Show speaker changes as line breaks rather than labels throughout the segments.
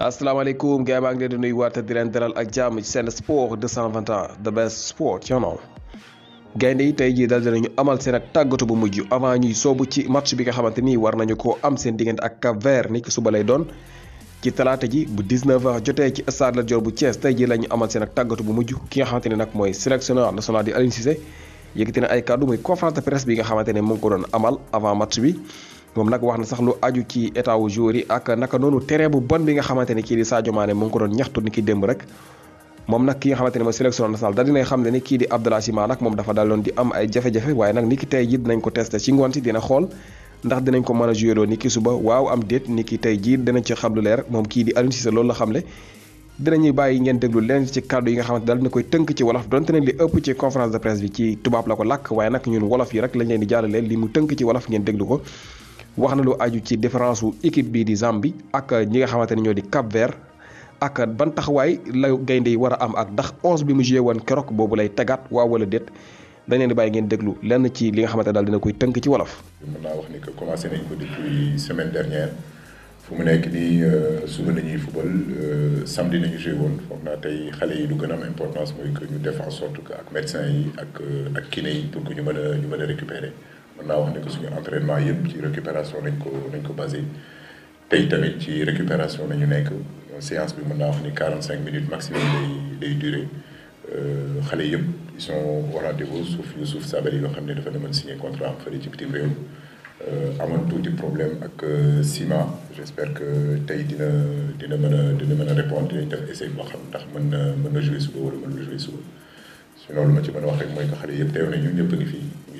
asalaamaaleykum gars yi maa ngi leen di nuyu waate di leen dalal ak jàmm ci seen sport 221 the best sport channel gaynde yi tey jii dal dinañu amal seen ak tàggatu bu mujj avant ñuy soobu ci match bi nga xamante ni war nañu ko am seen diggante ak Cap ni ki suba lay doon ci talaata ji bu 19h jotee ci stade Lat Dior bu Thiès tey jii la ñu amal seen ak tàggatu bu mujj ki nga xamante ne nag mooy sélectionneur national di Aliou Cissé yëkkati na ay kàddu muy conférence de presse ne mu ngi ko doon amal avant match bi moom nag wax na sax lu aju ci état wu joueur yi ak naka noonu tere bu bon bi nga xamante ni kii di Sadio Mané mu ngi ko doon ñaxtu ni ki démb rek moom nag ki nga xamante ni mooy sélection nationale daal dinay xam ne ni kii di Abdallah Sima nag moom dafa daloon di ay jafe-jafe waaye nag ni ki tey ko testé ci ngoon si dina xool ndax dinañ ko mën a joué ni ki suba waaw am déet ni ki tey jii dinañ ci xam lu leer moom kii di Aliou Cissé loolu la xamle dinañuy bàyyi ngeen déglu leen ci kàddu yi nga xamante daal dina koy tënk ci wolof donte ne li ëpp ci conférence de presse bi ci tubaab la ko làkk waaye nag ñun wolof yi rek lañ leen di jàllalee li mu tënk ci wolof ngeen déglu ko wax na lu aju ci différence wu équipe bii di Zambie ak ñi nga xamante ne ñoo di Cap Vert ak ban taxawaay la gaynde yi war a am ak ndax 11 bi mu joué woon keroog boobu lay tegaat waaw wala déet dañ leen bàyyi ngeen déglu lenn ci li nga xamante ne dina koy tënk ci wolof. mën naa wax ni que commencé nañ ko depuis semaine dernière fu mu nekk nii euh,
suba nañuy football euh, samedi nañu joué woon foog naa tey xale yi du gën a am importance mooy que ñu def en yi ak euh, ak kiné mën naa wax ne que suñu entraînement yëpp ci récupération lañ ko lañ ko basé tey tamit ci récupération la ñu nekk séance bi mën naa wax ni 45 minutes maximum day day durer euh, xale yëpp ils sont au rendez-vous suuf Youssouf Sabali yoo xam ne dafa demoon signer contrat am fële ci bitim réew euh, amoon tuuti problème ak ciment euh, j'espère que tey dina dina mën a dina mën a répondre dinañ def essai boo xam ndax mën na mën na jouer suba wala mën na jouer suba si loolu ma ci mën a wax rek mooy que xale yëpp teew nañu ñëpp ngi fii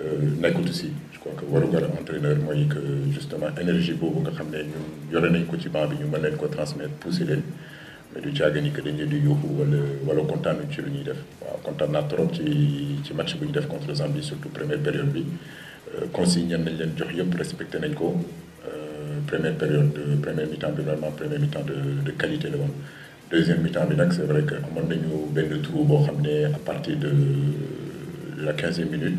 Euh, nekkul si je crois que waru gar a entraîneur mooy que justement énergie boobu nga xam ne ñun yore nañ ko ci banc bi ñu mën leen ko transmettre pousser leen mais du caaga ni que dañ leen di yuuxu wala wala kontaan ci lu ñuy def waaw kontaan naa trop ci ci match bu ñu def contre Zambie surtout première période bi euh, consigne nañ leen jox yëpp respecté nañ ko euh, première période première mi-temps bi vraiment première mi-temps de de qualité la woon deuxième mi-temps bi nag c'est vrai que amoon nañu benn trou boo xam ne à partir de la quinzième minute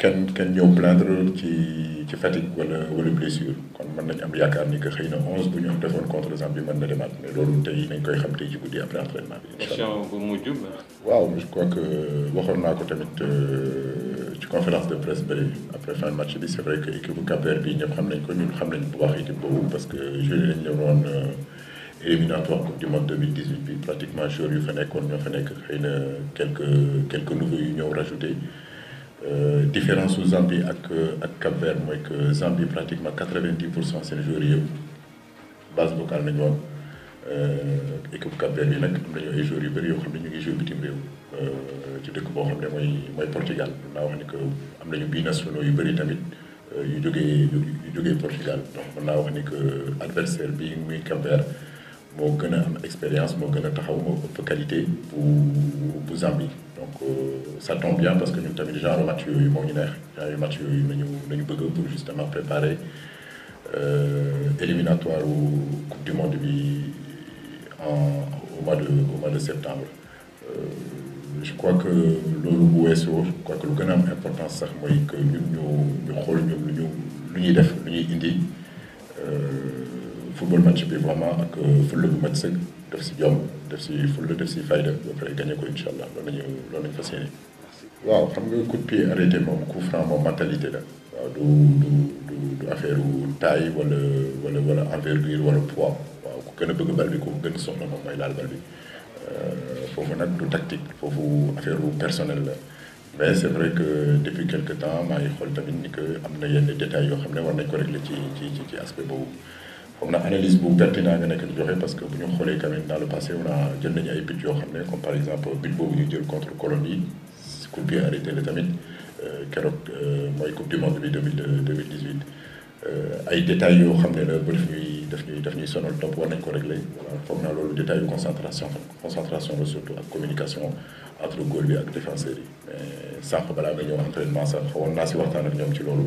kenn kenn ñëw plaindre ci ci fatigue wala wala blessure kon mën nañ am yaakaar ni que xëy na onze bu ñu am defoon contre Zambie bi mën na demaat mais loolu tey nañ koy xam tey ci guddi après entraînement bi.
question bu mujj
waaw je crois que euh, waxoon naa ko tamit euh, ci conférence de presse bi après fin de match bi c' est vrai que équipe Cap-Vert bi ñëpp xam nañ ko ñun xam nañ bu baax équipe boobu parce que joué lañ ñëwoon euh, éliminatoire coupe du monde 2018 bi pratiquement joueurs yu fa nekkoon ñoo fa nekk xëy na quelques quelques nouveaux yu ñëw rajouté. Euh, différence su Zambie ak ak Cap Vert mooy que Zambie pratiquement quatre-vingt-dix pour cent seen joueurs yëpp base locale nañu am euh, équipe Cap Vert bi nag am nañu ay joueurs yu bëri yoo xam ne ñu ngi joué bitim réew euh, ci dëkk boo xam ne mooy mooy Portugal naa wax ni que am nañu binationaux yu bëri tamit yu jógee yu jógee Portugal donc mën naa wax ni que adversaire bi muy Cap Vert moo gën am expérience mo gën taxaw mo ëpp qualité bu bu Zambie donc euh, ça tombe bien parce que ñun tamit genre match yooyu moo ñu neex genre match yooyu nañu nañu bëgg pour justement préparer euh, éliminatoire ou coupe du monde bi en au mois de au mois de septembre euh, je crois que loolu bu weesoo je crois que lu gën a am importance sax mooy que ñun ñu ñu xool nous lu ñu lu ñuy def lu ñuy indi football match bi vraiment ak euh, fulla bu mat sëkk def si jom def si fulla def si fayda ba pare gagné ko incha allah loolu lañu loolu lañu fas yéene waaw xam nga coup de pied arrêté moom coup franc moom mentalité la waaw du du du du affaire taille wala wala wala envergure wala poids waaw ku gën a bëgg bal bi ku gën a soxla moom mooy laal bal bi euh, foofu nag du tactique foofu affaire personnel la mais c'est vrai que depuis quelque temps maa ngi xool tamit ni que am na yenn détails yoo xam ne war nañ ko régler ci ci ci aspect boobu comme na analyse beaucoup pertinent nga nekk di joxe parce que bu ñu xoolee quand même dans le passé on a jël nañu ay but yoo xam comme par exemple but boobu ñu jël contre Colombie si coup de pied arrêté la tamit euh, keroog euh, mooy coupe du monde bi 2018 mille deux mille euh, dix ay détails yoo xam ne la ba daf ñuy daf ñuy daf ñuy war nañ ko régler voilà foog naa loolu détail yu concentration concentration surtout ak communication entre góol bi ak défenseurs yi mais sànq balaa nga ñëw entraînement sax xawoon naa si waxtaan ak ñoom ci loolu.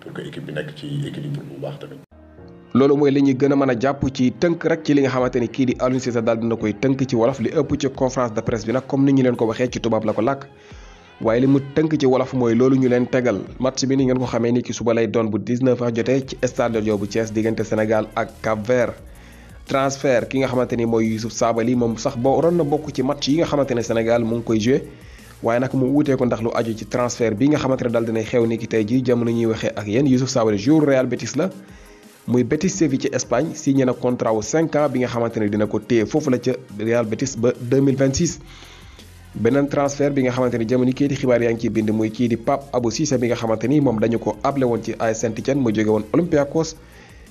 pour que
loolu mooy li ñuy gën a mën a jàpp ci tënk rek ci li nga xamante ni kii di Alioune Cissé daal dina koy tënk ci wolof li ëpp ci conférence de presse bi nag comme ni ñu leen ko waxee ci tubaab la ko làkk waaye li mu tënk ci wolof mooy loolu ñu leen tegal match bi ni ngeen ko xamee ni ci suba lay doon bu 19h jotee ci stade Lat bu Thiès diggante Sénégal ak Cap-Vert transfert ki nga xamante ni mooy Youssouf Sabaly moom sax boroon na bokk ci match yi nga xamante ne Sénégal mu ngi koy joué. waaye nag mu wutee ko ndax lu aju ci transfert bi nga xamante ne daal dinay xew ni ki tey jii jamono ñuy waxee ak yéen Youssouf Sabaly jour Real Betis la muy Betis Séville ci Espagne signé na contrat wu 5 bi nga xamante ne dina ko téye foofu la ca Real Betis ba 2026 beneen transfert bi nga xamante ni jamono kii di xibaar yaa ngi ciy bind muy kii di Pape Abou Cissé bi nga xamante ni moom dañu ko able woon ci AS Saint-Étienne mu jóge woon Olympiakos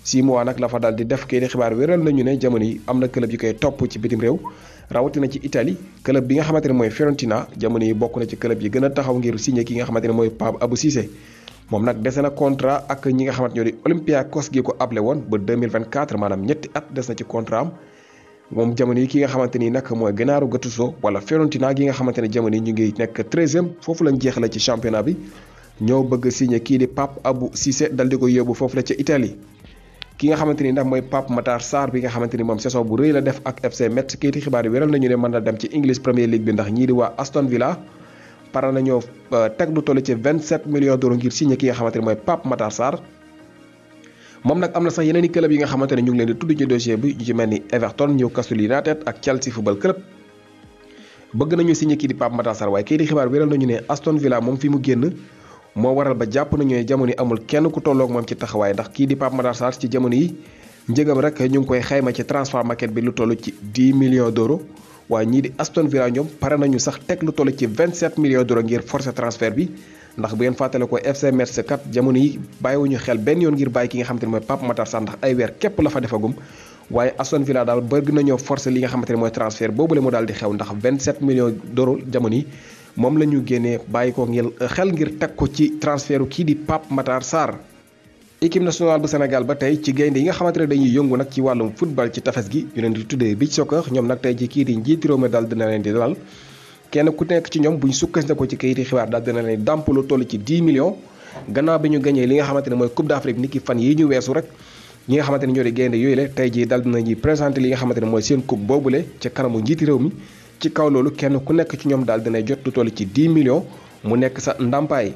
six mois nag la fa daal di def kii di xibaar wéral nañu ne jamono am na club topp ci bitim réew rawatina ci Italie club bi nga xamante ne mooy Fiorentina jamono yi bokk na ci club yi gën a taxaw ngir signé ki nga xamante ne mooy Pape Abou Cissé moom nag dese na contrat ak ñi nga xamante ñoo di Olympiakos gi ko able woon ba 2024 maanaam ñetti at des na ci contrat am moom jamono yi ki nga xamante ni nag mooy Gennaro Gattuso wala Fiorentina gi nga xamante ne jamono yi ñu ngi nekk 13 foofu foofu jeex jeexale ci championnat bi ñoo bëgg signé kii di Pape Abou Cissé dal di ko yóbbu foofu la ca Italie ki nga xamante ni ndax mooy Pape Matar Sarr bi nga xamante ni moom saison bu rëy la def ak FC Metz kayiti xibaar yi wéral nañu ne mën na dem ci English Premier League bi ndax ñii di waa Aston Villa pare nañoo euh, teg lu toll ci 27 millions d'euros ngir signé ki nga xamante ni mooy Pape Matar Sarr moom nag am na sax yeneen i club yi nga xamante ne ñu ngi leen di tudd ci dossier bi ñu ci mel ni Everton Newcastle United ak Chelsea Football Club bëgg nañu signé kii ne Aston Villa moom fi mu génn moo waral ba jàpp nañu jamono yi amul kenn ku tolloog moom ci taxawaay ndax kii di Pape Matar Sarr ci jamono yi njëgam rek ñu ngi koy xayma ci transfert market bi lu toll ci 10 millions d'euros waaye ñii di Aston Villa ñoom pare nañu sax teg lu toll ci 27 millions d'euros ngir forcer transfert bi ndax bu ngeen fàttale ko FC Metz kat jamono yi bàyyiwuñu xel benn yoon ngir bàyyi ki nga xamante ne mooy Pape Matar Sarr ndax ay weer képp la fa defagum waaye Aston Villa daal bëgg nañoo forcer li nga xamante ne mooy transfert boobule mu daal di xew ndax 27 millions d'euros jamono yi moom la ñu génnee bàyyi ko ngir xel ngir teg ko ci transferu kii di Pape Matar Sarr équipe nationale bu Sénégal ba tey ci gaynde yi nga xamante ne dañuy yëngu nag ci wàllum football ci tafes gi ñu leen di tuddee beach soccer ñoom nag tey ci kii di njiit réew mi daal dina leen di dalal kenn ku nekk ci ñoom buñ sukkandiku ko ci kayiti xibaar daal na leen dàmp lu toll ci 10 millions gannaaw bi ñu gañee li nga xamante ne mooy Coupe d'Afrique ni ki fan yi ñu weesu rek ñi nga xamante ne ñoo yooyu la tey jii daal dinañuy présenté li nga xamante ne mooy seen coupe boobule ca kanamu njiiti réew mi ci kaw loolu kenn ku nekk ci ñoom daal dina jot lu toll ci 10 millions mu nekk sa ndàmpaay